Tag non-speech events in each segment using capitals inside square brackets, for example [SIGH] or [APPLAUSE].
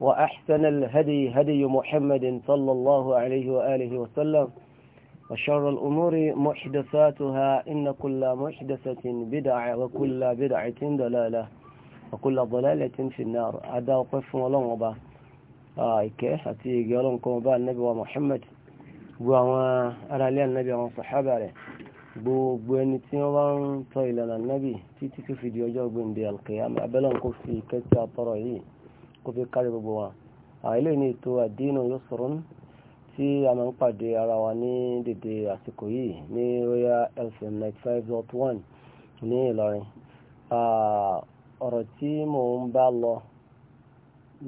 وأحسن الهدي هدي محمد صلى الله عليه وآله وسلم وشر الأمور محدثاتها إن كل محدثة بدعة وكل بدعة ضلالة وكل ضلالة في النار عدا وقف ولن وبا آيكي أتي قالون كما با النبي ومحمد وما أرى لي النبي وصحابة عليه gbogbo ẹni tí wọ́n bá ń tọ́ ìlànà nábì títí tó fi di ọjọ́ gbòǹde alkiyama abẹ́lẹ́ nǹkan fi kẹ́tí àtọ́rọ̀ yìí kó fi kárí gbogbo wa àwọn eléyìí ní ètò àdínú yusrun tí a máa ń pàdé ara wa ní dédé àsìkò yìí ní royal fm ninety five dot one ní ìlọrin ọ̀rọ̀ tí mò ń bá lọ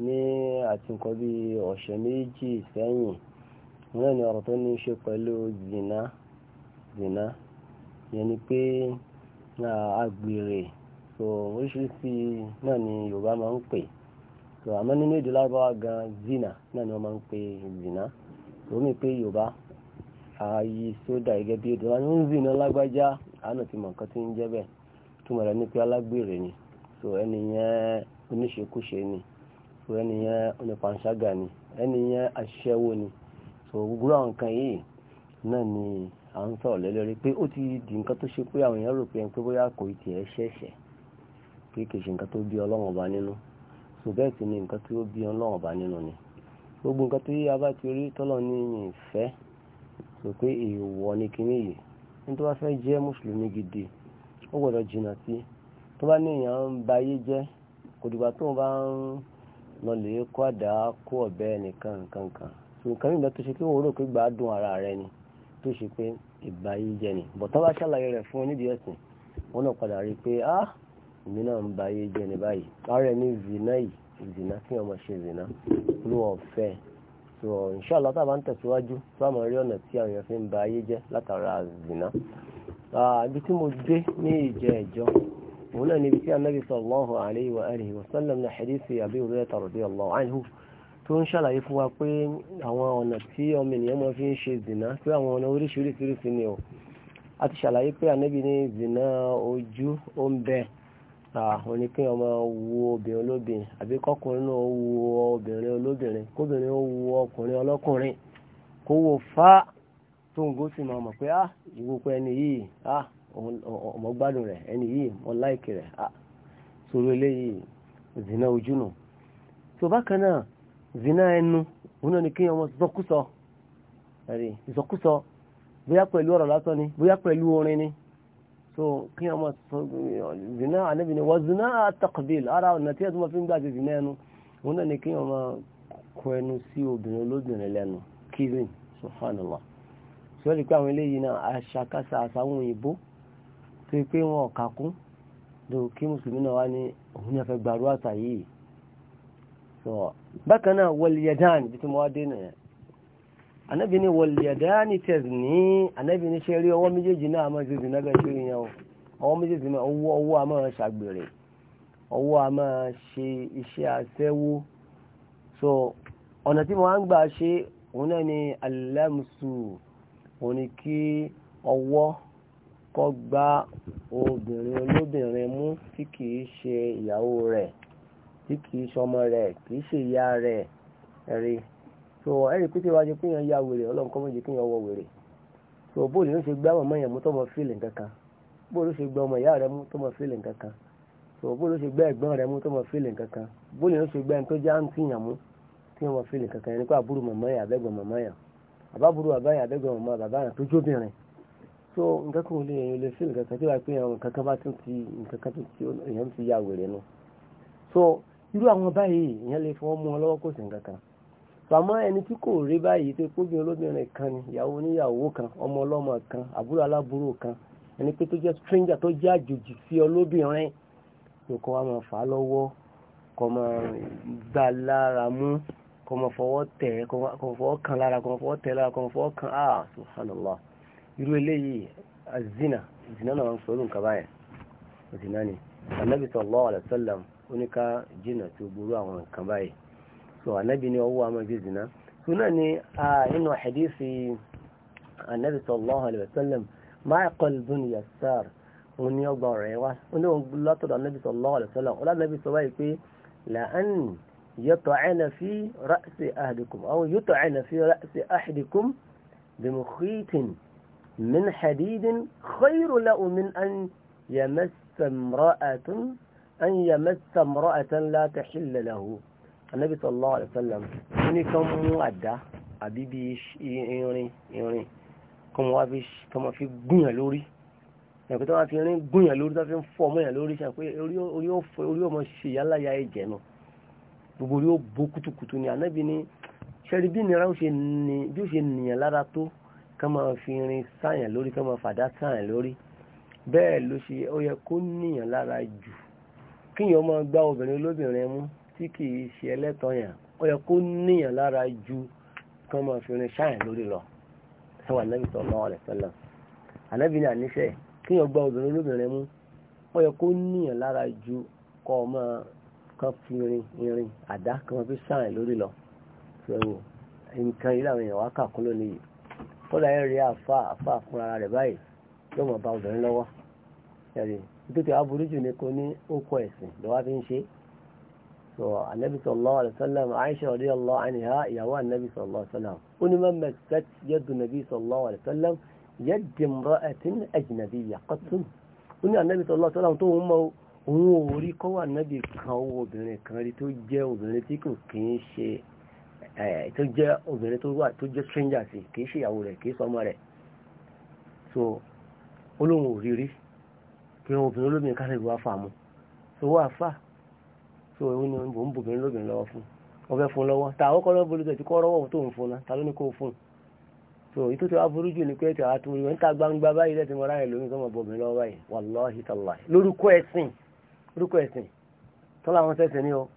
ní àti nǹkan bí ọ̀sẹ̀ méjì sẹ́yìn náà ni ọ̀rọ̀ tó ní í ṣe pẹ̀lú zina zina yẹn ni pé àgbèrè so oríṣiríṣi náà ni yorùbá máa ń pè é. so àmọ́ nínú èdè lárúbáwá gan zina náà ni wọ́n máa ń pè zina omi pé yorùbá ààyè sódà gẹ́gẹ́ bí èdè wọn ń zina lágbájá àánú ti mọ̀ nǹkan tí ń jẹ́ bẹ́ẹ̀ túmọ̀ rẹ̀ ní pé alágbèrè ni so ẹni yẹn oníṣekúṣe ni so ẹni yẹn ni ẹni yẹn aṣẹ́wó ni so gbogbo nǹkan yìí náà ni à ń sọ̀rọ̀ lẹ́lẹ́rí pé ó ti di nǹkan tó ṣe pé àwọn èèyàn rò pé bóyá kò tiẹ̀ ṣẹ̀ṣẹ̀ pé so bẹ́ẹ̀ sì ni nǹkan tí ó bí ọlọ́run ọba nínú ni gbogbo nǹkan tí a bá ti rí tọ́lọ̀ ní ìyìn ìfẹ́ sọ pé èèwọ̀ ni kíní yìí ní tó bá fẹ́ jẹ́ mùsùlùmí gidi ó gbọ́dọ̀ jìnnà tó bá ní ń ba ayé jẹ́ kò dìgbà tó ń bá ń lọ lè kó àdá kan nǹkan nígbà tó ṣe pé ara rẹ ni tó ṣe pé jẹ ni bọ̀tán bá ṣàlàyé rẹ̀ fún ẹ̀sìn wọn náà padà rí ah, èmi náà ń ba ayé jẹ́ ní báyìí ara ẹni zina yìí zina kí ọmọ ṣe zina ló wọ́n fẹ́ so inshallah tá a bá ń tẹ̀síwájú tó àmọ́ rí ọ̀nà tí àwọn èèyàn fi ń ba ayé jẹ́ látara zina ibi tí mo dé ní ìjẹ ẹ̀jọ́ òun náà níbi tí anábì sallallahu alayhi wa alihi wa sallam ní hadithi Abi Hurairah radiyallahu anhu tó ń ṣàlàyé fún wa pé àwọn ọ̀nà tí ọmọ ènìyàn máa fi ń ṣe zina pé àwọn ọ̀nà oríṣiríṣiríṣi ni o a ti ṣàlàyé pé anábì ní zina ojú ó ń bẹ́ẹ̀ àwọn ni ọmọ wo obìnrin olóbìnrin àbí kọkùnrin náà wo obìnrin olóbìnrin kóbìnrin ó wo ọkùnrin ọlọ́kùnrin kó wo fa tó ń gòsì máa mọ̀ pé ah ẹni yìí ah ọmọ gbádùn rẹ̀ ẹni yìí mo láìkì rẹ̀ ah sọ̀rọ̀ eléyìí zina ojú nù tó náà zina ẹnu òun náà ni kí ọmọ zọkúsọ ẹ̀rí zọkúsọ bóyá pẹ̀lú ọ̀rọ̀ lásán ni bóyá pẹ̀lú orin ni. so kí wọ́n máa sọ zina ànábì ni wọ́n zina àtàkùbìl ara ọ̀nà tí ẹ̀dùn máa fi ń gbà sí zina ẹnu òun náà ni kí wọ́n máa kọ ẹnu sí obìnrin olóbìnrin lẹ́nu kizin subhanallah so rí pé àwọn eléyìí náà aṣàkáṣà àtàwọn òyìnbó tó pé wọn ọ̀ka kún ló kí mùsùlùmí náà wá ní òun ní afẹ́ gbàrú àṣà yìí so bákan náà wọlé yẹdáàn bí tí mo wá dé nìyẹn anábì ní wọ̀lẹ̀dá ni tẹ̀sí ní anábì ní ṣe rí ọwọ́ méjèèjì náà máa ṣe zìnà bẹ́ẹ̀ ṣe yẹn o ọwọ́ méjèèjì náà ọwọ́ ọwọ́ a máa ṣàgbèrè ọwọ́ a máa ṣe iṣẹ́ aṣẹ́wó so ọ̀nà tí wọ́n á ń gbà ṣe òun náà ni alẹ́mùsù òun ni kí ọwọ́ kọ́ gbá obìnrin olóbìnrin mú tí kìí ṣe ìyàwó rẹ̀ tí kìí ṣọmọ rẹ̀ kìí ṣe ìyá rẹ̀ rí so ẹ̀rí pété wájú pé ya wèrè ọlọ́run kọ́ méje kí yẹn wọ wèrè so bóòlù ló ṣe gbé ọmọ yẹn mú tọmọ fílì kankan bóòlù ló ṣe gbé ọmọ ìyá rẹ mú tọmọ fílì kankan so bóòlù ló ṣe gbé ẹ̀gbọ́n rẹ mú tọmọ ló ṣe gbé ẹni tó já ń tìyàn mú tí wọn yẹn àbúrò màmá yẹn àbẹ́gbọ̀n màmá yẹn àbábúrò àbẹ́gbọ̀n màmá so ya wèrè nu so irú àwọn báyìí ìyẹn pàmò ẹni tí kò rí báyìí tó kóbìnrin olóbìnrin kan ni ìyàwó oníyàwó kan ọmọ ọlọ́mọ kan àbúrò aláburò kan ẹni pé tó jẹ́ stranger tó jẹ́ àjòjì sí olóbìnrin nìkan wa máa fà á lọ́wọ́ kọ́ máa gbà lára mú kọ́ máa fọwọ́ tẹ̀ kọ́ máa fọwọ́ kan lára kọ́ máa fọwọ́ tẹ̀ lára kọ́ máa fọwọ́ kan ah subhanallah irú eléyìí azina zina náà ń sọ́rọ̀ nǹkan báyẹn zina ni anabi sallallahu alaihi wasallam oníka jìnnà tó burú àwọn nǹkan báyìí so ànábì ni ọwọ́ àmọ́ ṣe zina so náà ni inú hadithi ànábì sallallahu alaihi wasallam Ma'qal bin Yasar òun ni ọgbà ọ̀rẹ́ wa ó ní òun látọ̀dọ̀ ànábì sallallahu alaihi wasallam ọlá ànábì sọ báyìí pé la'an yata'ana fi ra'si ahadikum aw yuta'ana fi ra'si ahadikum bimukhitin min hadidin khayru lahu min an yamassa imra'atan an yamassa imra'atan la tahilla lahu. anabi sallallahu alayhi wa sallam ó ní kán mú àdá àbí bí irin irin kán mọ́ wá fi kán mọ́ fi gúnyàn lórí ẹ̀kú tó wá fi irin gúnyàn lórí tó fi ń fọ́ ọmọ yàn lórí ṣe pé orí ọmọ ṣe yálà ya ẹ̀jẹ̀ nù gbogbo orí ó bó kutukutu ni anabi ní ṣẹ́rí bí nira bí ó ṣe nìyàn lára tó ká máa fi irin sáyàn lórí ká máa fàdá sáyàn lórí bẹ́ẹ̀ ló ṣe ó yẹ kó nìyàn lára jù kíyàn máa gbá obìnrin olóbìnrin mú tí kìí ṣe ẹlẹ́tọ̀ yẹn ó yẹ kó níyàn lára ju kán máa fi rin ṣáàyàn lórí lọ ẹwà nẹ́bí sallallahu alaihi wasallam ànẹ́bí ní àníṣe kíyàn gba obìnrin olóbìnrin mú ó yẹ kó níyàn lára ju kọ́ máa kán fi rin irin àdá kán máa fi ṣáàyàn lórí lọ ṣẹ́wò nǹkan yìí làwọn èèyàn wá kà kúlò níyì kódà ẹ rí àfa àfa fúnra rẹ̀ báyìí yóò mọ̀ bá obìnrin lọ́wọ́ ẹ̀rí nítorí aburú jù ní kò ní ó kọ ẹ̀sìn lọ́wọ́ fi ń ṣe é so anabi sallallahu alaihi wasallam aisha radiyallahu anha ìyàwó anabi sallallahu alaihi wasallam ó ní mẹ́mẹ́ kat yadu nabi sallallahu alaihi wasallam yadu imra'atin ajnabiyya qatun ó ní anabi sallallahu alaihi wasallam tó ń mọ òun ò rí kọ́wọ́ anabi kan owó obìnrin kan rí tó jẹ́ obìnrin tí kò kì í ṣe tó jẹ́ obìnrin tó wà tó jẹ́ stranger sí kì í ṣe ìyàwó rẹ̀ kì í sọmọ rẹ̀ so olóhùn òrírí kí obìnrin olóbìnrin kan lè wá fà so wọ́n àfà so òun ni òun bòbìnrin lóbìnrin lọ́wọ́ fún wọ́n fẹ́ fún lọ́wọ́ tà àwọn kọ́lọ́ bolú tẹ̀tí kọ́ rọ́wọ́ tó ń fún náà ta ló ní kó fún so èyí tó ti wá burú jù ní pé tàwa tó yọ níta gbangba báyìí lẹ́tí mọ́ra rẹ̀ lómi tó mọ̀ bòbìnrin lọ́wọ́ báyìí wàláhì tàláhì lórúkọ ẹ̀sìn lórúkọ ẹ̀sìn tọ́lá wọn sẹ́sẹ̀ ní o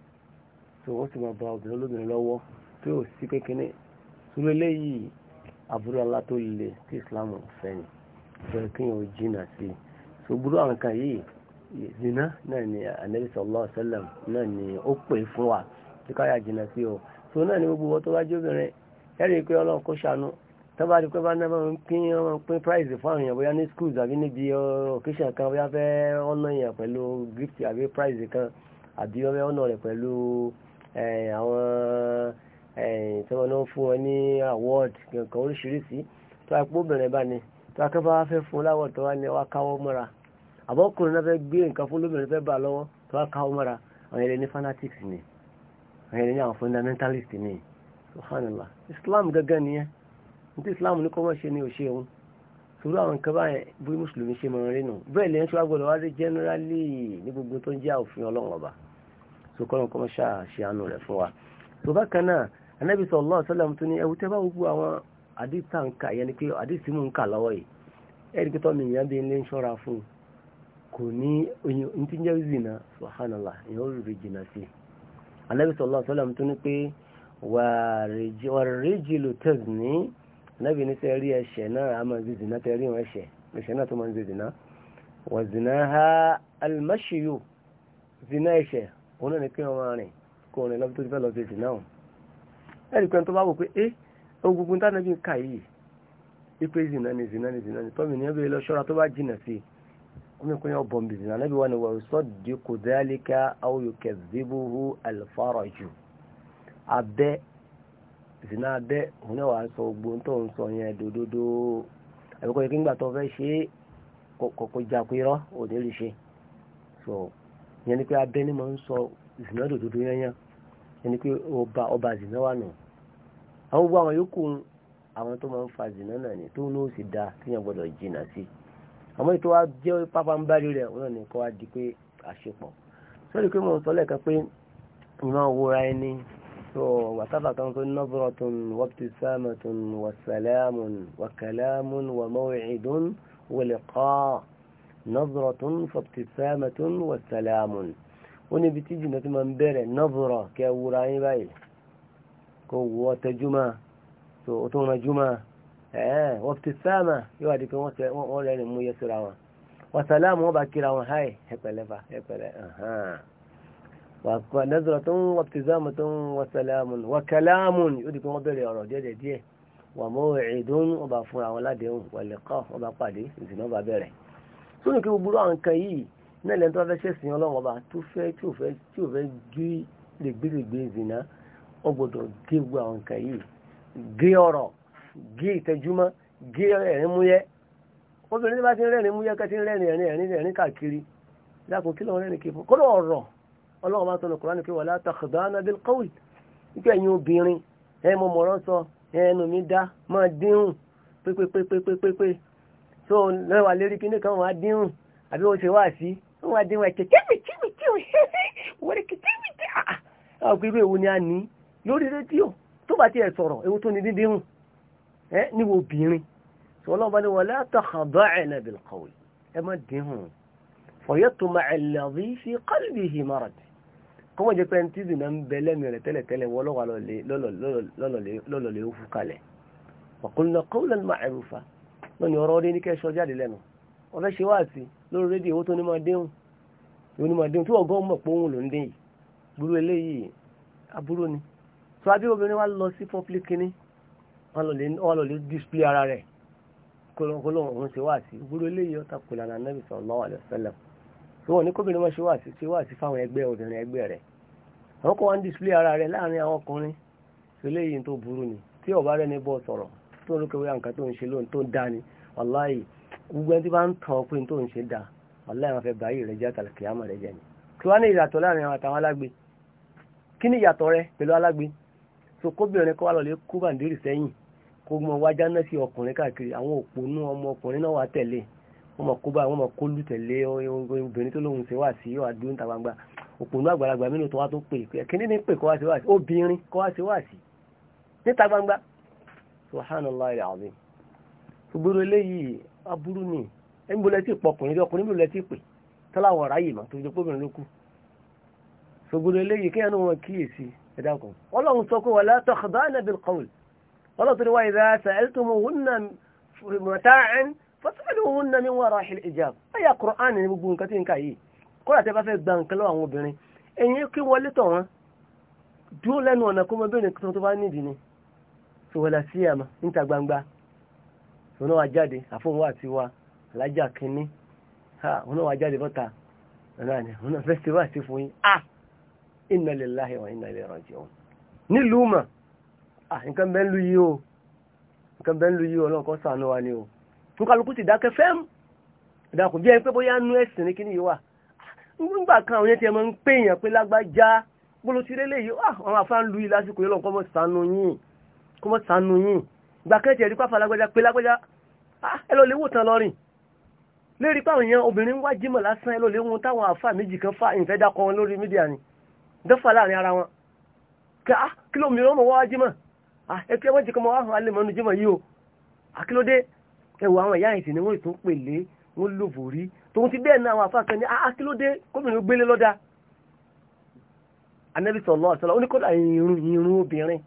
so ó sì mọ̀ bá obìnrin lóbìnrin lọ́wọ́ tí ò sí kékeré sórí eléyìí aburú alá tó le tí Islam fẹ́ ni fẹ́ kí n ò jìnnà sí i so burú àwọn kan yìí zina náà ni anabi sallallahu alaihi wasallam náà ni ó pè fún wa tí káyà jìnnà sí o so náà ni gbogbo wọn tó bá jóbìnrin ẹ̀rí pé ọlọ́run kó ṣàánú tó bá di pé bá náà ń pín ọmọ pín prize fún àwọn èèyàn bóyá ní schools àbí níbi occasion kan bóyá fẹ́ ọ̀nà èèyàn pẹ̀lú gift àbí prize kan àbí ọmọ ọ̀nà rẹ̀ pẹ̀lú àwọn tí wọ́n náà fún wọn ní award kankan oríṣiríṣi tó a pé obìnrin bá ní tó a kẹ́ bá fẹ́ fún láwọ̀ tó wá ní wá àbọ́kùnrin náà fẹ́ gbé nǹkan fún lóbìnrin fẹ́ bà lọ́wọ́ tó bá káwọ́ mọ́ra àwọn ẹlẹ́ni fanatics ni àwọn ẹlẹ́ni àwọn fundamentalist ni subhanallah islam gẹ́gẹ́ nìyẹn ní tí islam ní kọ́mọ́ ni ò ṣe òun sùúrù àwọn nǹkan báyẹn bí mùsùlùmí ṣe máa ń rí nù bẹ́ẹ̀ lẹ́yìn tí wàá gbọ́dọ̀ wá rí generally ní gbogbo tó ń jẹ́ òfin ọlọ́run ọba tó kọ́ lóun kọ́mọ́ ṣáà ṣe àánú rẹ̀ fún wa tó bá kan náà anábì sallallahu alaihi wasallam tó ní ẹwù tẹ́ bá gbogbo àwọn àdìsí tá yẹn ni pé àdìsí mò ń kà lọ́wọ́ yìí ẹ̀ẹ́dì mi ìyá bíi ń lé ń ṣọ́ra fún un kò ní oyin tí ń jẹ́ zina subhanallah èèyàn ó rèé jìnnà sí i anabi sallallahu alaihi wasallam tó ní pé wàrèjìlò tazni anabi ní sẹ́rí ẹ̀ṣẹ̀ náà a máa ń zina tẹ́rí wọn ẹ̀ṣẹ̀ ẹ̀ṣẹ̀ náà tó máa ń zina wà zina ha almashiyu zina ẹ̀ṣẹ̀ òun náà ní kí wọ́n máa rìn kó rìn lọ́bi tó ti fẹ́ lọ sí zina o ẹ̀rí pé tó bá wò pé ẹ́ ohun gbogbo táwọn ẹbí ń kà yìí ipe zina ni zina ni zina ni tọ́mìnira bẹ́ẹ̀ lọ kúmi kúmi ọ̀bọ̀ mbìbì náà anábì wà ní wàá sọ́ọ̀dì kò dálíkà áwòyò kẹ̀síbúhù alfaraju abẹ́ zina abẹ́ òun náà wàá sọ gbogbo tó ń sọ yẹn dòdòdó àbíkọ́ yìí kí ngbà tó fẹ́ ṣe é kọ̀kọ́ jakú irọ́ òní lè ṣe so yẹn ni pé abẹ́ ni mo ń sọ zina dòdòdó yẹn yẹn ni pé ọba ọba zina wà nù àwọn gbogbo àwọn yòókù àwọn tó máa ń fa zina náà ni àmọ́ ètò wa jẹ́ pápá ń bárí rẹ̀ wọn ni kọ́ wa di pé àṣepọ̀ sọ́ọ́dì pé mo sọ lẹ́ẹ̀kan pé ìmọ̀ òwúra ẹni tó wàtàfà kan pé nọ́bùrọ̀ tó ń wọ́pútù sáàmù tó ń wàsàlámù wàkàlámù wàmọ́wé ìdún wọlé kọ́ nọ́bùrọ̀ tó ń wọ́pútù sáàmù tó ń wàsàlámù ó níbi tí jìnnà tó máa ń bẹ̀rẹ̀ nọ́bùrọ̀ kẹ́ wúra yín báyìí kó wọ́ tẹjúmọ́ tó tó ránjúmọ́ Eh, wọ́n ti sáàmà yóò àdìpé wọ́n rẹ́rìn mú yẹ síra wọn wọ́n sàlámù wọ́n bá kíra wọn háì ẹ̀pẹ̀lẹ́fà ẹ̀pẹ̀lẹ́ wà nẹ́sọ̀rọ̀ tó ń wọ́n ti sáàmù tó ń wọ́n sàlámù wọ́n kẹlámù yóò dìpé wọ́n bẹ̀rẹ̀ ọ̀rọ̀ díẹ̀ díẹ̀ wà mọ́ ẹ̀ẹ́dún wọ́n bá fúnra wọn ládéhùn wà lẹ́kọ́ wọ́n bá pàdé ìsìn wọ́n bá gé ìtẹjúmọ́ gé ẹ̀rín múyẹ́ obìnrin tí bá ti rẹ́rìn múyẹ́ kẹ́ ti rẹ́rìn ẹ̀rín ẹ̀rín ẹ̀rín káàkiri lákùn kí lọ́wọ́ rẹ́rìn kí fún kọ́dọ̀ ọ̀rọ̀ ọlọ́run bá tọ́nu kùránì pé wala takhdana bil qawl nígbà ẹ̀yin obìnrin ẹ̀ mo mọ̀rọ̀ sọ ẹnu mi dá máa dínrùn pépépépépépépé tó lẹ́wà lérí kí nìkan wọn á dínrùn àbí wọ́n ṣe wá sí wọ́n á dínrùn ẹ̀kẹ́ kíwìkíwìkíwì [LAUGHS] wọ́n ah, ah. rẹ̀ kíwìkíwì ẹ níwò obìnrin tí ọlọ́run bá ní wala takhada'na bil qawl ẹ má dín hùn fayatma'a alladhi fi qalbihi marad kọ́mọ̀ jẹ́ pé ẹni tí ìdìnnà ń bẹ lẹ́mìí rẹ̀ tẹ́lẹ̀tẹ́lẹ̀ wọ́n lọ́wọ́ lọ́lọ́lẹ́ ó wọ́n lọ lè display ara rẹ̀ kólóńkóló òun ṣe wá sí gbúrú eléyìí ọ̀tá kò lànà nẹ́bí sallallahu alaihi wasallam tí wọ́n ní kóbìnrin wọn ṣe wá sí ṣe wá sí fáwọn ẹgbẹ́ obìnrin ẹgbẹ́ rẹ̀ àwọn kan wá display ara rẹ̀ láàrin àwọn ọkùnrin eléyìí tó burú ni tí ọba rẹ̀ ní bọ́ sọ̀rọ̀ tó ń lókèwé àǹkà tó ń ṣe lóhun tó ń dá ni wàláì gbogbo ẹni tí bá ń tàn pé tó ń ṣe dá wàláì wọn fẹ́ bá yìí rẹ̀ jẹ́ àtàlùkìyàmọ̀ rẹ̀ jẹ́ ni kí wá ní ìyàtọ̀ láàrin àwọn àtàwọn alágbe kí ni ìyàtọ̀ rẹ̀ pẹ̀lú alágbe so kóbìnrin kọ́ wá lọ lè kú bàǹdírì sẹ́yìn kó mọ wájá náà sí ọkùnrin káàkiri àwọn òpònú ọmọ ọkùnrin náà wà tẹ̀lé wọ́n mọ̀ kó bá wọ́n mọ̀ kó lù tẹ̀lé obìnrin tó lóhun ṣe wà sí yóò adúrú níta gbangba òpònú àgbàlagbà mínú tó wá tó pè kíní ní pè kó wá sí wá sí obìnrin kó wá sí wá sí níta gbangba subhanallahi alazim gbogbo eléyìí aburú ni ẹni bó lẹ́tí pọ̀ ọkùnrin ọkùnrin bó lẹ́tí pè tọ́láwọ̀ ráyè mà tó jẹ́ pómìnir ló kú ọlọ́tún ni wá ìdá sa'altumuhunna mata'an fas'aluhunna min wara'il hijab ayà Qur'an ní gbogbo nǹkan tí ń kà yìí kọ́lá tẹ́ bá fẹ́ gba nǹkan lọ́wọ́ àwọn obìnrin ẹ̀yin kí wọlé tọ̀ wọ́n dúró lẹ́nu ọ̀nà kó mọ́bìnrin kan tó bá nídìí ni sọ̀wọ́lá sí àmà níta gbangba òun wá jáde àfọ̀nwá àti wa alájà kínní òun wá jáde bọ́ta òun náà fẹ́ nǹkan bẹ́ẹ̀ lu yìí o nǹkan bẹ́ẹ̀ lu yìí o ọlọ́run kan sànú wa ni o nkàlùkù ti dákẹ́ fẹ́m ìdàkùn jẹ́ pé bóyá nú ẹ̀sìn ní kíní yìí wà nígbà kan àwọn yẹn ti máa ń pè yàn pé lágbájá gbọ́dọ̀ ti rélé yìí ah, àwọn afáà ń lu yìí lásìkò yìí lọ́n kọ́ mọ́ sànú yìí kọ́ mọ́ sànú yìí gbà kẹ́tì ẹ̀rí pàfà lágbájá pé lágbájá ah, ẹ lọ lè wò wá jímọ̀ lásán ni dọ́fà láàrin ara wọn kí ah, lómi ẹkẹ wọ́n ti kọ́ mọ́ wáhùn alẹ́ mọ́nu jẹ́mọ̀ yìí o akílódé ah, ẹwọ àwọn ìyá ìsìn ni wọ́n ìtún pèlé wọ́n lò bòrí tòun ti bẹ́ẹ̀ náà àwọn afáàkẹ́ ní akílódé ah, ah, kóbìnrin gbélé lọ́dà anabi sallallahu alaihi wasallam ó ní kódà irun irun obìnrin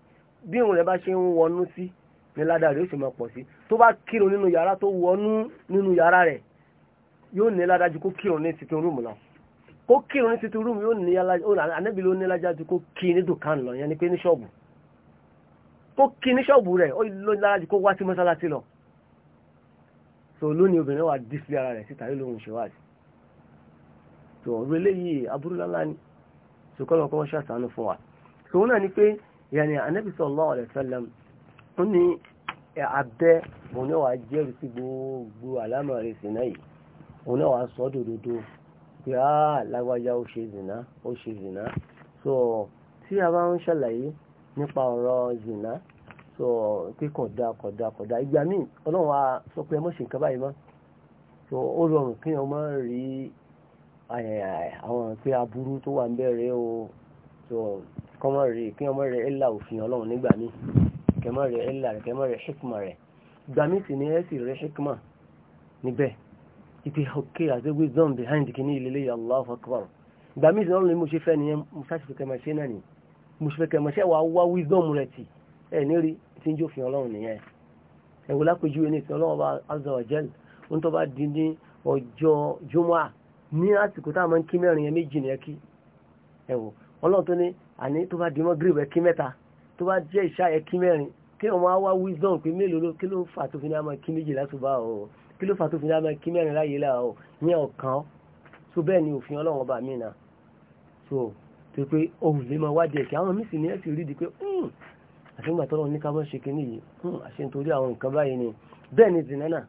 bí irun rẹ̀ bá ṣe ń wọnú sí ní ládàá rẹ̀ ó sì máa pọ̀ sí tó bá kírun nínú yàrá tó wọnú nínú yàrá rẹ̀ yóò ní ládàá ju kó kírun ní titun rúùmù lọ kó kírun ní titun rúùmù yóò ní anabi ju kó kí ní dùkán lọ yẹn ni pé ní ṣọ́ọ̀bù kó kí ní ṣọ́ọ̀bù rẹ̀ ó ló lára jù kó wá sí mọ́sálásí lọ so lónìí obìnrin wà dísílé ara rẹ̀ síta lóhun ìṣèwádìí so ọ̀rọ̀ eléyìí aburú lálá ni so kọ́lọ̀ kọ́ ṣàtàánú fún wa so wọn náà ni pé yàní anabi sallallahu alaihi wasallam ó ní abẹ́ òun náà wà jẹ́rìí sí gbogbo àlámà rẹ̀ sí náà yìí òun náà wà sọ dòdòdó pé lágbájá ó ṣe zìnà ó ṣe zìnà so tí a bá ń ṣàlàyé nípa ọ̀rọ̀ zina so pé kódà kọda kọda ìgbà míì ọlọ́run wa sọ pé ẹ ṣe nǹkan báyìí mọ́ sọ ó rọrùn kí rí àwọn pé tó wà ń bẹ̀rẹ̀ o so kọ́ mọ̀ rí kí wọ́n mọ̀ ẹ̀là òfin ọlọ́run nígbà míì kẹ́ ẹ̀là ni ẹ̀ sì hikma níbẹ̀ ìpè òkè àti mo ṣe fẹ́ kẹ́ mọ́ṣẹ́ wa wá wisdom rẹ̀ tì ẹ̀ ní rí tí ń jófin ọlọ́run nìyẹn ẹ̀wò lápèjúwe ní ìsìn ọlọ́run bá azza wa jal ń tó bá di ní ọjọ́ jumua ní àsìkò tá a máa ń kí mẹ́rin yẹn méjì nìyẹn kí ẹ̀wò ọlọ́run tó ní àní tó bá di mọ́ gírèbù ẹ̀ kí mẹ́ta tó bá jẹ́ ìṣá ẹ̀ kí mẹ́rin kí ọmọ wa wisdom pé mélòó kí ló fà tó fi ní a máa kí méjì lásùbà o kí ló fà tó fi ní a máa kí mẹ́rin o ìyẹn ọ̀kan ni òfin ọlọ́run ọba mi náà tó pé ohun lè máa wádìí ẹ̀kẹ́ àwọn míì sì ní ẹ̀sì rí di pé hmm, àṣẹ́gbà tọ́lọ́ ní kábọ́ ṣe kínní yìí hmm, àṣẹ nítorí àwọn nǹkan báyìí ni bẹ́ẹ̀ ni zìnà náà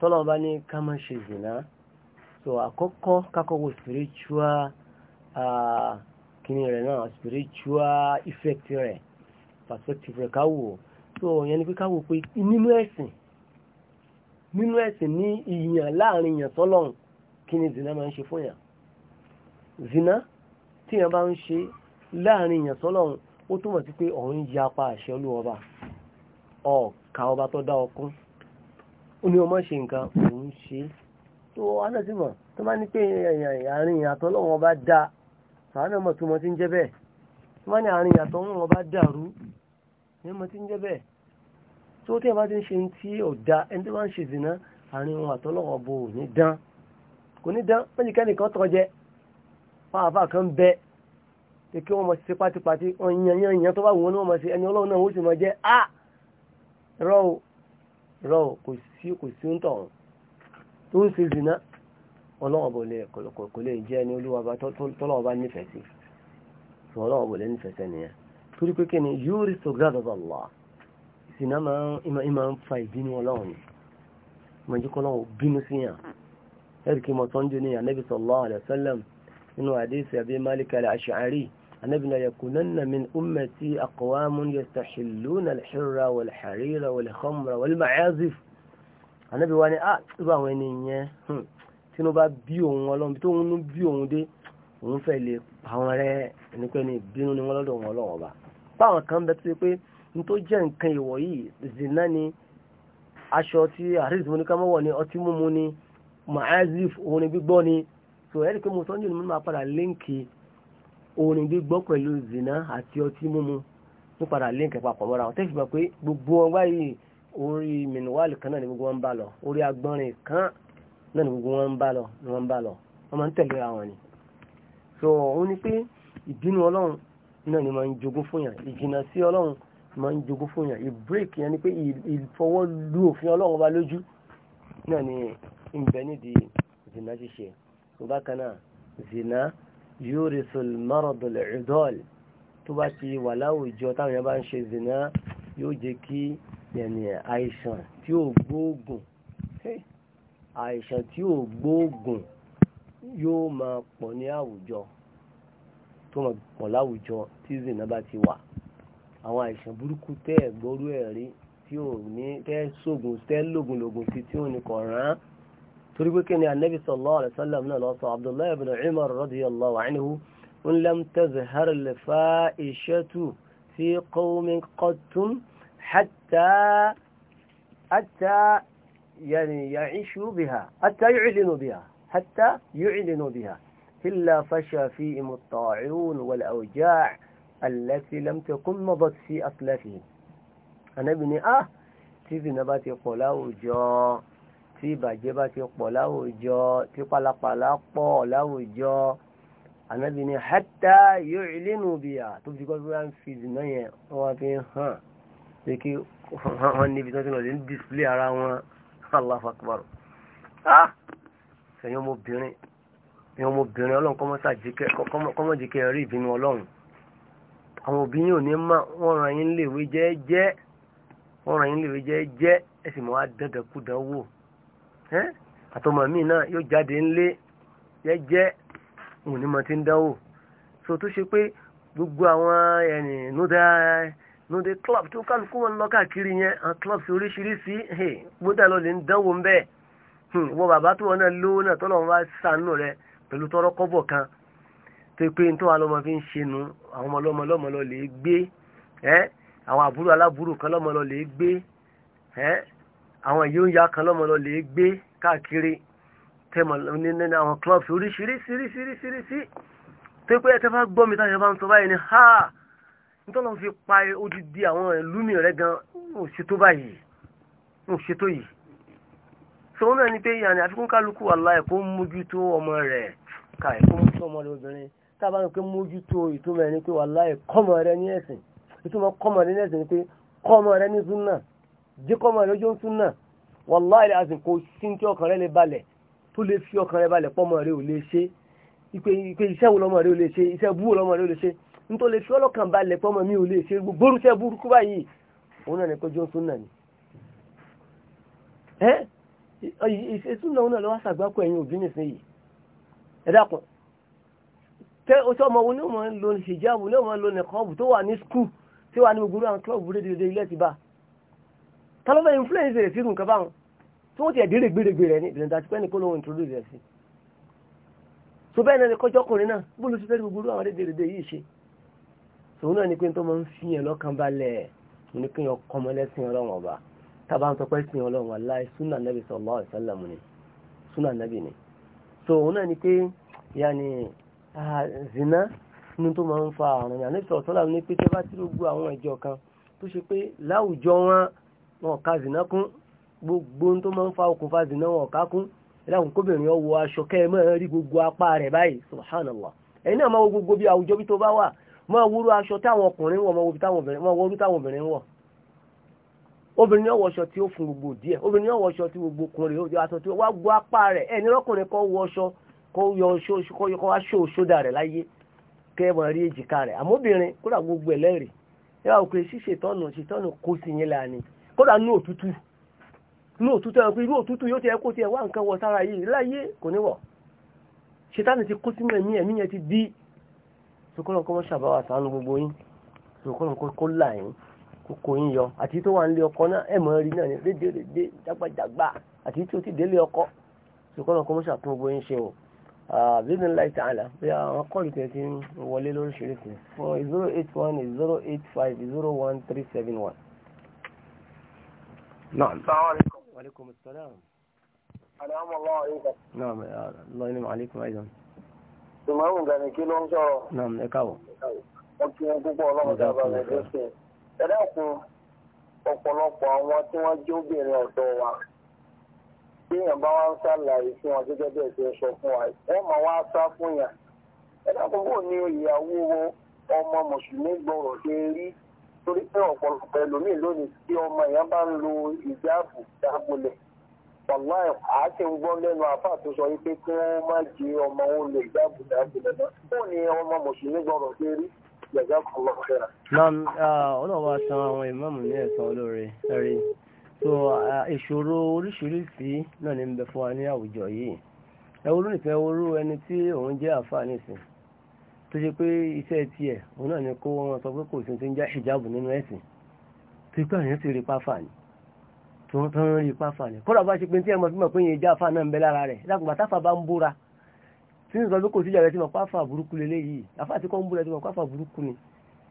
tọ́lọ́ bá ní ká ṣe zìnà so àkọ́kọ́ kákọ́wọ́ spiritual kínní rẹ̀ náà spiritual effect rẹ̀ perspective rẹ̀ káwò so yẹn ni pé káwò pé nínú ẹ̀sìn nínú ẹ̀sìn ní ìyàn láàrin yàn tọ́lọ́run kí ni zina máa ń ṣe fún yàn zina tí èèyàn bá ń ṣe láàrin èèyàn sọ́lọ́run ó túmọ̀ sí pé ọ̀run ya apá àṣẹ olúwọba ọ̀ka ọba tó dá ọkún ó ní ọmọ ṣe nǹkan òun ṣe tó anásímọ̀ tó bá ní pé eh, àárín àtọ́lọ́run ọba dá sàánà mọ̀ túmọ̀ tí ń jẹ́ bẹ́ẹ̀ tó bá ní àárín àtọ́lọ́run ọba dàrú ní mọ̀ tí ń jẹ́ bẹ́ẹ̀ tó tí èèyàn bá ti ń ṣe tí ọ̀dà ẹni tó bá ń ṣe zìnà àárín àtọ́lọ́run ọba ò ní dán kò ní dán mẹ́jìká nìkan tọ́ fáfá kan bẹ pé kí wọ́n mọ̀ sí pátipáti ọ̀yàn yàn tó bá wù wọ́n ni wọ́n mọ̀ sí a rọ o rọ o kò sí kò sí ń tọ̀hún tó ń ṣe zina ọlọ́run ọ̀bọ̀ lè kò lè jẹ́ ẹni tọ́lọ́wọ́ bá nífẹ̀ẹ́ sí ọlọ́run lè nífẹ̀ẹ́ torí pé kí ni yóò rí so gradọ̀ bọ̀lá ìsìnà máa ń fa ìbínú ọlọ́run mọ̀jíkọ́ ọlọ́run nínú àdéhìsì àbí malik al-ash'ari anabi náà yakunanna min ummati aqwamun yastahilluna al-hirra wal-harira wal-khamra wal-ma'azif anabi wa ni ah irú àwọn ẹni yẹn tínú bá bí òun ọlọ́run bí tóun ń bí òun dé òun fẹ́ lè pa wọn rẹ ẹni pé ní ìbínú ni wọ́n lọ́dọ̀ wọn ọlọ́run ọba báwọn kan bẹ tó pé n tó jẹ́ nǹkan ìwọ̀ yìí zina ni aṣọ tí àríṣìmọ́ ní ká mọ́ ni ọtí mímu ni ma'azif òun ni gbígbọ́ ni so ẹ̀rí pé mo sọ ní ìlúmọ̀ padà líǹkì orin gbígbọ́ pẹ̀lú zina àti ọtí mímu mo padà líǹkì papọ̀ mọ́ra wọn tẹ́sí mọ̀ pé gbogbo wọn báyìí orí mìnúwàlì kan náà ni gbogbo wọn ń bá lọ orí agbọ́nrin kan náà ni gbogbo wọn ń bá lọ ni wọ́n ń bá lọ wọ́n máa ń tẹ̀lé ra wọn ni so òun ni pé ìbínú ọlọ́run náà ni máa ń jogún fún yàn ìjìnà sí ọlọ́run máa ń jogún fún yàn ìbírèk yẹn ni pé ìfọwọ́ lu òfin ọlọ́run bá lójú náà ni ìbẹ́ nídìí ìjìnà ṣíṣe bákan náà zina yurisul maradul idol tó bá ti wà láwùjọ táwọn yẹn bá ń ṣe zina yóò jẹ́ kí yẹnì àìsàn tí ò gbóògùn àìsàn tí ò gbóògùn yóò máa pọ̀ ní àwùjọ tó máa pọ̀ láwùjọ tí zina bá ti wà àwọn àìsàn burúkú tẹ́ ẹ̀ gbọ́rú ẹ̀ rí tí ò ní tẹ́ sógun tẹ́ lógunlógun sí tí ò ní kọ̀ rán án. تريبكن يا النبي صلى الله عليه وسلم من الأصى عبد الله بن عمر رضي الله عنه إن لم تظهر الفائشة في قوم قط حتى حتى يعني يعيشوا بها حتى يعلنوا بها حتى يعلنوا بها إلا فشى فيهم الطاعون والأوجاع التي لم تكن مضت في أسلافهم أنا ابني أه تيزي نباتي يقول أوجاع tí ìbàjẹ́ bá ti pọ̀ láwùjọ tí pálapàla pọ̀ láwùjọ ànábì ni hátà yóò ìlénu bìyà tó fi gbọ́dọ̀ wá ń fi ìdìnnà yẹn wọ́n fi hàn pé kí wọ́n níbi tó ti lọ sí ń displé ara wọn Allahu Akbar ah! ẹ̀yin ọmọbìnrin ẹ̀yin ọmọbìnrin ọlọ́run kọ́mọ́jìkẹ́ rí ìbínú ọlọ́run àwọn òbí yìí ò ní mọ̀ wọ́n ràn yín léwe jẹ́ẹ́jẹ́ wọ́n ràn yín léwe jẹ́ẹ́jẹ́ ẹ̀sìn mọ́ á dẹ́dẹ̀kú dánwò àtọmọ mi náà yóò jáde ńlé jẹ́jẹ́ òun ni mo ti ń dánwò so tó ṣe pé gbogbo àwọn ẹni nódà nódà club tó kálukú wọn lọ káàkiri yẹn àwọn club oríṣiríṣi gbódà lọ lè ń dánwò ń bẹ́ẹ̀ wọ́n bàbá tó wọn náà lówó náà tọ́lọ́ wọn bá sànú rẹ pẹ̀lú tọ́rọ́ kọ́bọ̀ kan tó pé tó wà lọ́mọ fi ń ṣe nu àwọn ọmọ lọ́mọ lọ́mọ lọ lè gbé àwọn àbúrò aláburò àwọn èyí ń ya kan lọ́mọ lọ lè gbé káàkiri tẹ́mọ̀ nínú àwọn clubs oríṣiríṣiríṣiríṣi tó pé ẹ̀tẹ́ bá gbọ́ mi táyẹ̀ bá ń sọ báyìí ni ha nítorí wọn fi pa odidi àwọn ìlú mi rẹ gan ò ṣètò báyìí ò ṣètò yìí sọ wọn náà ni pé yàrá àfikún kálukú àlá ẹ̀kọ́ mójútó ọmọ rẹ̀ ká ẹ̀kọ́ mójútó ọmọ rẹ̀ obìnrin tábà ní pé mójútó ìtumọ̀ ẹni pé wàlá ẹ̀kọ́mọ rẹ̀ ní ẹ̀sìn ìtumọ̀ kọ́mọ rẹ̀ ní ẹ̀sìn ni pé kọ́mọ rẹ̀ ní súnà jíkọ́mọ̀ ìlójú ń súnà wàláhì àsìn kò sí tí ọkàn rẹ̀ lè balẹ̀ tó lè fi ọkàn rẹ̀ balẹ̀ pọ́mọ rẹ̀ ò lè ṣe ipe iṣẹ́ wo lọ́mọ rẹ̀ ò lè ṣe iṣẹ́ bú wo lọ́mọ rẹ̀ ò lè ṣe nítorí lè fi ọlọ́kàn balẹ̀ pọ́mọ mi ò lè ṣe gbórúṣẹ́ burúkú báyìí òun náà ní pé jọ́sùn náà ni. ẹ ìṣesùn náà náà lọ́wọ́ sàgbákò ẹ̀yin òbí nìsinyìí ẹ dákun tẹ oṣù ọmọ ni ó máa ń lo hijabu ni ó máa ń lo nìkọ́ọ̀bù tó wà ní skul tálọ́bẹ̀ influence rẹ̀ sírù nǹkan báwọn tí wọ́n ti ẹ̀dí règbèrègbè rẹ̀ ní ìdìrẹ̀dà tí pẹ́ni kó lóun introduce rẹ̀ sí. so bẹ́ẹ̀ náà ni kọjọ́ ọkùnrin náà bóòlù sí fẹ́ẹ́ gbogbo àwọn dédèrèdè yìí ṣe. sòun náà ni pé tó máa ń fi yẹn lọ́kàn balẹ̀ ní kí yẹn kọ́ mọ́lẹ́sìn ọlọ́run ọba tábà ń sọ pé sìn ọlọ́run aláì súnà nàbì sallallahu alaihi wasallam ni súnà nàbì ni. so òun náà ni pé yanni zina ní tó máa ń fa àrùn yàn wọn ká zìnà kún gbogbo tó máa ń fa okùnfà zìnà wọn ká kún ìdáhùn kóbìnrin ọwọ́ aṣọ kẹ́ẹ̀mọ́ rí gbogbo apá rẹ̀ báyìí subhanallah ẹ̀yin náà gbogbo bí àwùjọ bí tó bá wà wúrú aṣọ táwọn ọkùnrin wọ̀ máa wọ́rú táwọn obìnrin wọ̀ obìnrin tí ó fún gbogbo díẹ̀ obìnrin gbogbo ó aṣọ tí wá gbọ́ apá rẹ̀ ẹni lọ́kùnrin kọ́ kọ́ aṣọ rẹ̀ láyé rí èjìká rẹ̀ kódà ní òtútù ní òtútù ẹ̀kú irú òtútù yóò ti ẹkó ti ẹ̀wà nǹkan wọ sára yìí láyé kò níwọ̀ ṣetánì ti kó sínú ẹ̀mí ẹ̀mí yẹn ti dí sokolo kọ́ ṣàbáwá sànú gbogbo yín sokolo kó là yín kókó yín yọ àti tó wà ń lé ọkọ náà ẹ̀mọ́ rí náà ní rédè rédè jágbàjàgbà àti tó ti délé ọkọ sokolo kọ́ ṣàtún gbogbo yín ṣe o bíbí ńlá ìta àlà bí àwọn kọ́ọ̀lù tẹ̀ ti wọlé lóríṣiríṣi fún zero eight one zero eight five zero one three seven one. نعم السلام عليكم وعليكم السلام السلام الله عليكم نعم الله ينعم عليكم أيضا ìmọ̀rún ìgbà ní kí ló ń sọ̀rọ̀. náà ní káwọ̀. wọ́n kí wọn púpọ̀ ọlọ́mọdé ọ̀pọ̀lọpọ̀ àwọn tí wọ́n jẹ́ obìnrin ọ̀dọ́ wa. bí èèyàn bá wá ń fún wọn gẹ́gẹ́ bí ẹ̀sìn sọ fún wa ẹ wá sá fún yàn. ẹ dákun ní ìyàwó ọmọ mùsùlùmí torí pé ọ̀pọ̀lọpọ̀ ẹlòmíì lónìí tí ọmọ èèyàn bá ń lo ìjáàbù dágbólẹ̀ wàlá ẹ̀fà á ti ń gbọ́ lẹ́nu àfà tó sọ wípé kí wọ́n má jí ọmọ òun lo ìjáàbù dágbólẹ̀ náà ó ní ọmọ mùsùlùmí gbọ́dọ̀ ṣe rí yàgá kan lọ fẹ́ra. mam ọlọ́wọ́ san àwọn ìmáàmù ní ẹ̀sán olóore ẹ̀rí so ìṣòro oríṣiríṣi náà ní ń bẹ fún wa ní àwùjọ yìí ẹ wo lónìí fẹ́ wo rú ẹni tí òun jẹ́ àfà nísìnyí tó ṣe pé iṣẹ́ tiẹ̀ òun náà ni kó wọn sọ pé kò sí ti ń jẹ́ hijabu nínú ẹ̀sìn tó ṣe pé àyàn ti rí páfà ni tó ń tán rí páfà ni kọ́lá bá ṣe pé tí ẹ mọ̀ fi mọ̀ pé yẹn já fà náà ń bẹ lára rẹ̀ lákùngbà táfà bá ń búra tí ń sọ pé kò sí ìjàrẹ̀ tí mọ̀ páfà burúkú lélẹ́ yìí àfà àti kọ́ ń búra tí mọ̀ páfà burúkú ni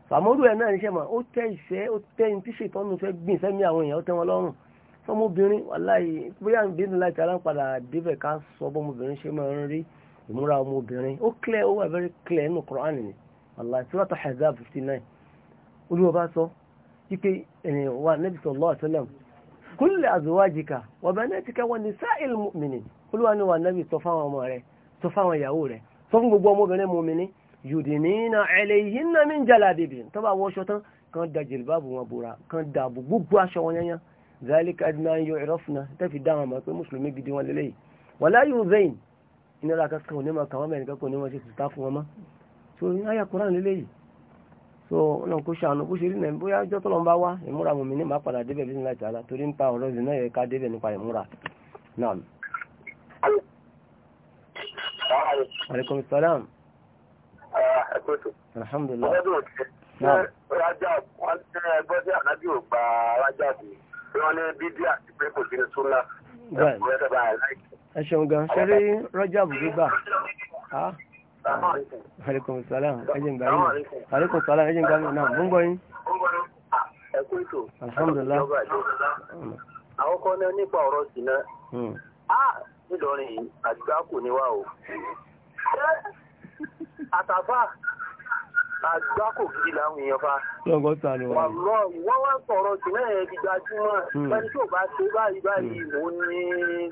fàmọ́rù ẹ̀ náà níṣẹ́ mọ̀ ó tẹ́ ìṣẹ́ ó tẹ́ ní tíṣe ìtọ́nu fẹ́ gbìn sẹ́mi àwọn èèyàn ó tẹ́ wọn lọ́rùn fọmọbìnrin wàláì bóyá ìbínú láti aláǹpadà débẹ̀ ká sọ bọ́mọbìnrin ṣe máa ń rí ìmúra ọmọbìnrin ó clear ó wà very clear nínú Qur'an ni Allah suratu Ahzab fifty nine olúwa bá sọ wípé wa nabi sallallahu alaihi wasallam kulli azwajika wa banatika wa nisa'il mu'minin olúwa ni wà nabi sọ fáwọn ọmọ rẹ sọ fáwọn ìyàwó rẹ sọ fún gbogbo ọmọbìnrin mùmìnì yudinina alayhinna min jalabibihin tó bá wọ aṣọ tán kan da jìlbáàbù wọn bòrà kan da gbogbo aṣọ wọn yányán ìnira kankan òní máa tó lọ ń bá wá ìmúra mọ̀mí ní máa padà débẹ̀ bíi láti àlá torí ń pa ọ̀rọ̀ ìrìn náà yẹ ká débẹ̀ nípa ìmúra náà. aleykum salaam. alhamdulilah. rájà wọn ṣe ẹgbẹ́ tí ànábì ò gba rájà bù wọn ní bíbí àti pé kò ẹ ṣeun gan ṣeré rọ́jàbù gbígbà aleykum salaam ẹjẹ ń gbà yín aleykum salaam ẹjẹ ń gbà yín náà mú ń gbọ́ yín. ẹ kú ètò alhamdulilah àwọn kan náà nípa ọ̀rọ̀ sí náà á nílọrin yìí àtìgbà kò ní o àtàfà àgbà kò gidi làwọn èèyàn fa. wọ́n. wàlọ́ wọ́n wá sí náà hmm. ẹni bá ṣe báyìí báyìí hmm.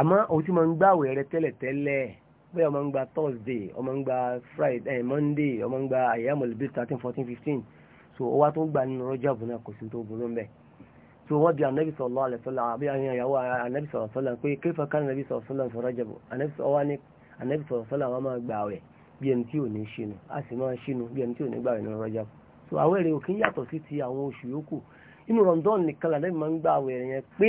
àmọ́ o ti máa ń gbàwẹ̀ rẹ tẹ́lẹ̀tẹ́lẹ̀ bóyá o máa ń gba thursday o máa ń gba friday eh, monday o máa ń gba ayyamul bid thirteen fourteen fifteen so o wá tó gbà nínú rọ́jàbù náà kò tó burú mbẹ́ so wọ́n bi anabi sallallahu alaihi wasallam àbí àwọn ìyàwó anabi sallallahu alaihi wasallam pé kayfa kana anabi sallallahu alaihi wasallam fi rọ́jàbù anabi sallallahu alaihi wasallam wọn máa gbàwẹ̀ bí ẹni tí ò ní ṣinu a sì máa ṣinu bí ẹni tí ò ní gbàwẹ̀ nínú rọ́jàbù so àwẹ̀ rẹ̀ ò kí ń yàtọ̀ sí ti àwọn oṣù yòókù inú rọ̀ǹdọ́ọ̀nì kan làdẹ́bí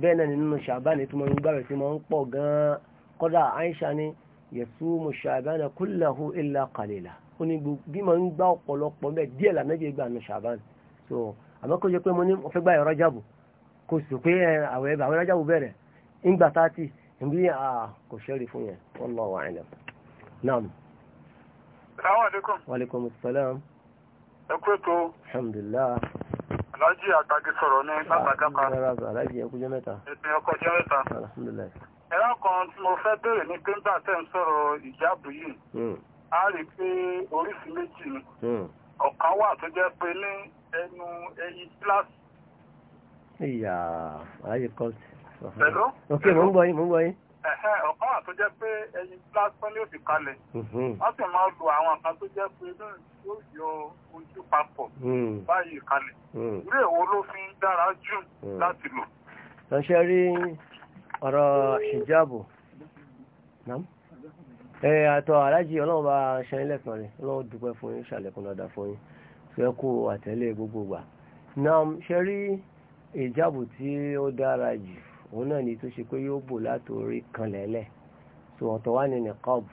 bẹ́ẹ̀ náà nínú ṣàbáni tó máa ń gbàrẹ̀ sí máa ń pọ̀ gan-an kọ́dà Aisha ni yẹ̀sù mo ṣàbáni kullahu illa qalila ó ní bí máa ń gbá ọ̀pọ̀lọpọ̀ mẹ́ díẹ̀ lànàjẹ́ gbà nù ṣàbáni so àmọ́ kó jẹ́ pé mo ní mo fẹ́ gbà ẹ̀rọ jábù kò sì pé àwẹ̀ àwẹ̀ rájábù bẹ̀rẹ̀ ńgbà tààtì ìbí kò ṣẹ́rí fún yẹn wallahu a'lam naam. Assalamu aláàjì àgbàgbé sọ̀rọ̀ ní gbàgbàgbà. aláàjì ẹkú jẹ́ mẹ́ta. ètò ọkọ̀ jẹ́ mẹ́ta. alhamdulilayi. ẹ̀rọ kan tí mo fẹ́ béèrè ní pínpà tẹ́ ń sọ̀rọ̀ ìjáàbù yìí. Hmm. a rí i pé oríṣi méjì ni. Hmm. ọ̀kan wà tó jẹ́ pé ní ẹnu ẹyin kíláàsì. ìyá aláàjì kọ́ọ̀tì. pẹ̀lú. ok mo ń gbọ́ yín mo ń gbọ́ yín ọ̀kan wà tó jẹ́ pé ẹyin lásán ni ó fi kalẹ̀ mhm. wọ́n sì máa lo àwọn nǹkan tó jẹ́ pé yóò yọ ojú papọ̀ hmm. báyìí kalẹ̀ hmm. irú èwo ló fi ń dára jù hmm. láti lò. ṣe rí ọ̀rọ̀ hijabu ẹ àtọ̀ aláàjì ọlọ́run bá ṣe ilé kan rẹ̀ ọlọ́run dúpẹ́ fún yín ṣàlẹ̀kùn dáadáa fún yín fẹ́ kó àtẹ̀lé gbogbo gbà náà ṣe rí ìjábù tí ó dára jù òun náà ni tó ṣe pé yóò bò látòrí kan lẹ́lẹ̀ so ọ̀tọ̀ wá ní niqab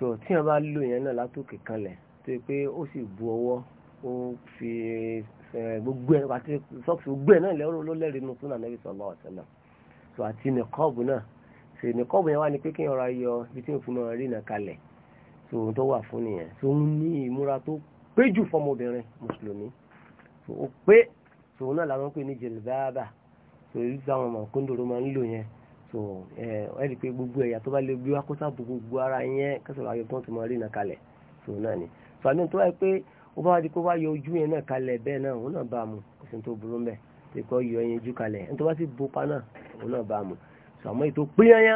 so tí wọ́n bá lò yẹn náà látòkè kanlẹ̀ tó yẹ pé ó sì bu ọwọ́ ó fi gbogbo ẹ̀ àti sọ́ọ̀sì gbogbo ẹ̀ náà lẹ́rù ló lẹ́rìí nínú súnà Nabi sallallahu alaihi wasallam so àti niqab náà so niqab yẹn wá ní pé kí n ra yọ ibi tí òfin náà rí náà kalẹ̀ so ohun tó wà fún nìyẹn so ń ní ìmúra tó pé jù fọmọbìnrin mùsùlùmí so ó pé so òun náà làwọn pè ní jìlbáàbà so èyí táwọn ọmọ kóńdòrò máa ń lò yẹn so ẹ rí i pé gbogbo ẹ̀yà tó bá lè gbé akóta bo gbogbo ara yẹn kẹsàn-án ayọ̀ tó ń tó máa rí iná kalẹ̀ so náà ni so àmì tó wáyé pé ó bá wá di pé ó bá yọ ojú yẹn náà kalẹ̀ bẹ́ẹ̀ náà òun náà bá a mú kò sí ní tó burú mẹ́ tó kọ́ yọ ẹyin ojú kalẹ̀ ẹni tó bá sì bo paná òun náà bá a mú so ètò pínyányá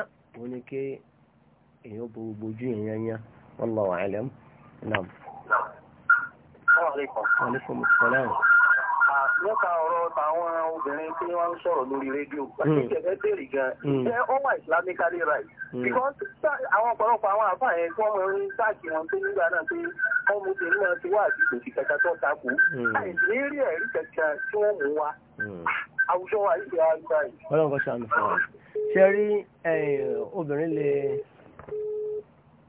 òun nípa ọ̀rọ̀ tàwọn obìnrin tí wọ́n ń sọ̀rọ̀ lórí rédíò àtẹ̀jẹ̀fẹ́ hmm. bèrè gan hmm. jẹ́ ó wà islamically right hmm. because àwọn ọ̀pọ̀lọpọ̀ àwọn àfáà yẹn tí wọ́n mọ̀ ń sáàkì wọn tó nígbà náà pé ọmọ obìnrin náà ti wá àti kò sí kẹta tó takò àìsírí ẹ̀rí kẹta tí wọ́n mú wa àwùjọ wa yìí wá gbà yìí. ọlọ́run kan ṣàánú fún wa ṣe rí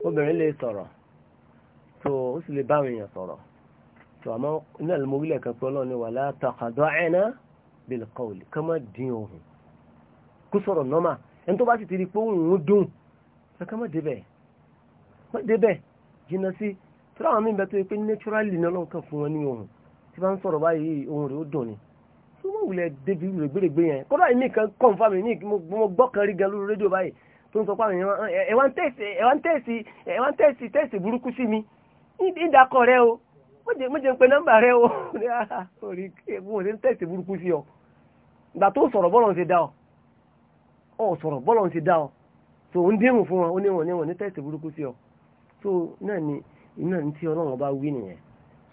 obìnrin lè sọ̀rọ̀ tó àmọ́ iná ló mọ wílẹ̀ kan pé ọlọ́run ni wala taqda'na bil qawl ká má dín ohùn kó sọ̀rọ̀ nọ́mà ẹni tó bá sì ti di pé òun dùn ká má débẹ̀ má débẹ̀ jìnnà sí tó láwọn míì bẹ pé naturally ni ọlọ́run kan fún wọn ní ohùn tí bá ń sọ̀rọ̀ báyìí ohùn rẹ̀ ó dùn ni tó débi gbèrègbè yẹn kódà ní kan confam ní mọ́jẹ̀ ń pe nọ́mbà rẹ o [LAUGHS] ah, orí egun ò sí ń tẹ̀sí burúkú sí ọ ìgbà tó sọ̀rọ̀ bọ́lọ̀ ń ṣe dá ọ ọ sọ̀rọ̀ bọ́lọ̀ ń ṣe dá ọ so ń dínwó fún wọn ó níwọ̀n níwọ̀n ní tẹ̀sí burúkú sí ọ so náà ni iná ní tí ọlọ́run bá wí nìyẹn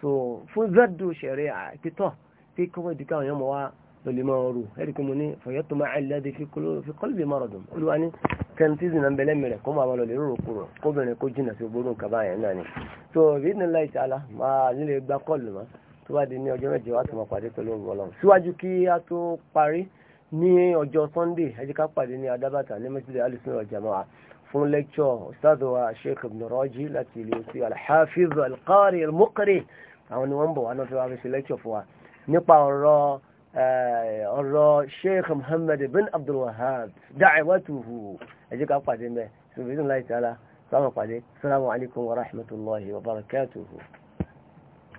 so fún zádù ṣẹ̀rẹ̀ àpítọ́ pé kọ́wọ́ ìdíkà àwọn ọmọ wa lọ́lẹ̀ máa rò ẹ̀rí pé mo ní fọ̀yẹ́ tó máa ẹ̀lẹ́dẹ̀ fi kọ́lù bí mọ́rọ̀dùn olúwa ní kẹntíìsì na ń bẹ̀lẹ́ mi rẹ̀ kó máa wà lọ́lẹ̀ rúrò kúrò kóbìnrin kó jìnnà sí gbogbo nǹkan báyẹn náà ni so ìdílé láì sàlá máa nílé gbá kọ́ọ̀lù mọ́ tó bá di ní ọjọ́ mẹ́jọ wá tó máa pàdé pẹ̀lú ògùn ọlọ́run síwájú kí a tó parí ní ọjọ́ sunday ẹ ká pàdé ní adábàtà ní mẹ́sídẹ̀ẹ́ alùsùn ọ̀jàmọ́à fún lẹ́kṣọ̀ ṣáàdù wa sheikh ibn rọ́jí láti ilé sí alhafiz alqari almuqri àwọn ni wọ́n ń bọ̀ wá náà fi wá fi ṣe lẹ́kṣọ̀ fún wa nípa ọ̀rọ̀ ọ̀rọ̀ sheikh muhammad bin abdul wahab da'watuhu ẹ̀jẹ̀ ká pàdé mẹ́ sọ̀rọ̀ bí sọ̀rọ̀ láì sàlá sọ̀rọ̀ pàdé salamu alaykum wa rahmatulahi wa barakatuhu.